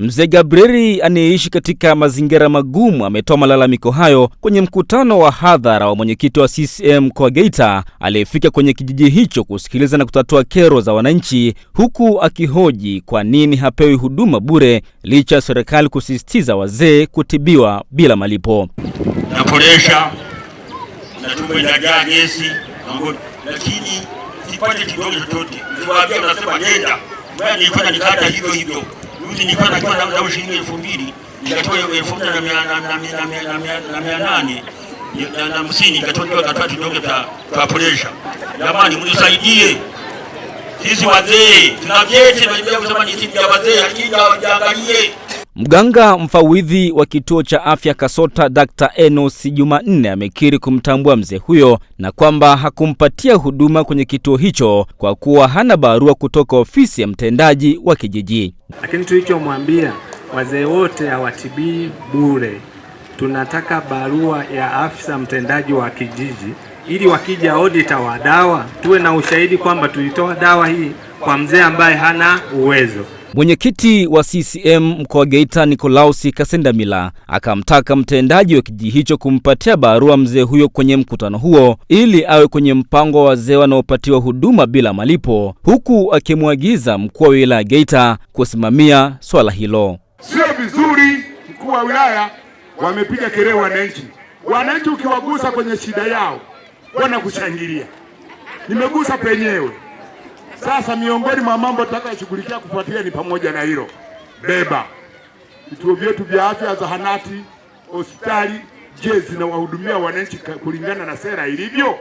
Mzee Gabrieli anayeishi katika mazingira magumu ametoa malalamiko hayo kwenye mkutano wa hadhara wa mwenyekiti wa CCM kwa Geita aliyefika kwenye kijiji hicho kusikiliza na kutatua kero za wananchi, huku akihoji kwa nini hapewi huduma bure licha ya serikali kusisitiza wazee kutibiwa bila malipo. Napolesha na tumbo inajaa gesi, lakini sipate kidogo chochote. Niwaambia, unasema nenda, yaani nilifanya nikata hivyo hivyo Juzi nilikuwa nakiwa labda shilingi elfu mbili nikatoa elfu moja na mia nane na hamsini nikatoa kidogo cha presha. Jamani, mnisaidie sisi wazee tuna vyeti, najua kusema ni sisi wazee, lakini angalie Mganga mfawidhi wa kituo cha afya Kasota Dr. Enos Jumanne amekiri kumtambua mzee huyo na kwamba hakumpatia huduma kwenye kituo hicho kwa kuwa hana barua kutoka ofisi ya mtendaji wa kijiji. Lakini tulichomwambia wazee wote hawatibii bure, tunataka barua ya afisa mtendaji wa kijiji ili wakija odita wa dawa tuwe na ushahidi kwamba tulitoa dawa hii kwa mzee ambaye hana uwezo. Mwenyekiti wa CCM mkoa wa Geita Nikolausi Kasendamila akamtaka mtendaji wa kijiji hicho kumpatia barua mzee huyo kwenye mkutano huo ili awe kwenye mpango wa wazee wanaopatiwa huduma bila malipo, huku akimwagiza mkuu wa wilaya Geita kusimamia swala hilo. Sio vizuri, mkuu wa wilaya, wamepiga kelele wananchi. Wananchi ukiwagusa kwenye shida yao wanakushangilia. Nimegusa penyewe sasa miongoni mwa mambo tutakayoshughulikia kufuatilia ni pamoja na hilo beba vituo vyetu vya afya, zahanati, hospitali, je, zinawahudumia wananchi kulingana na sera ilivyo?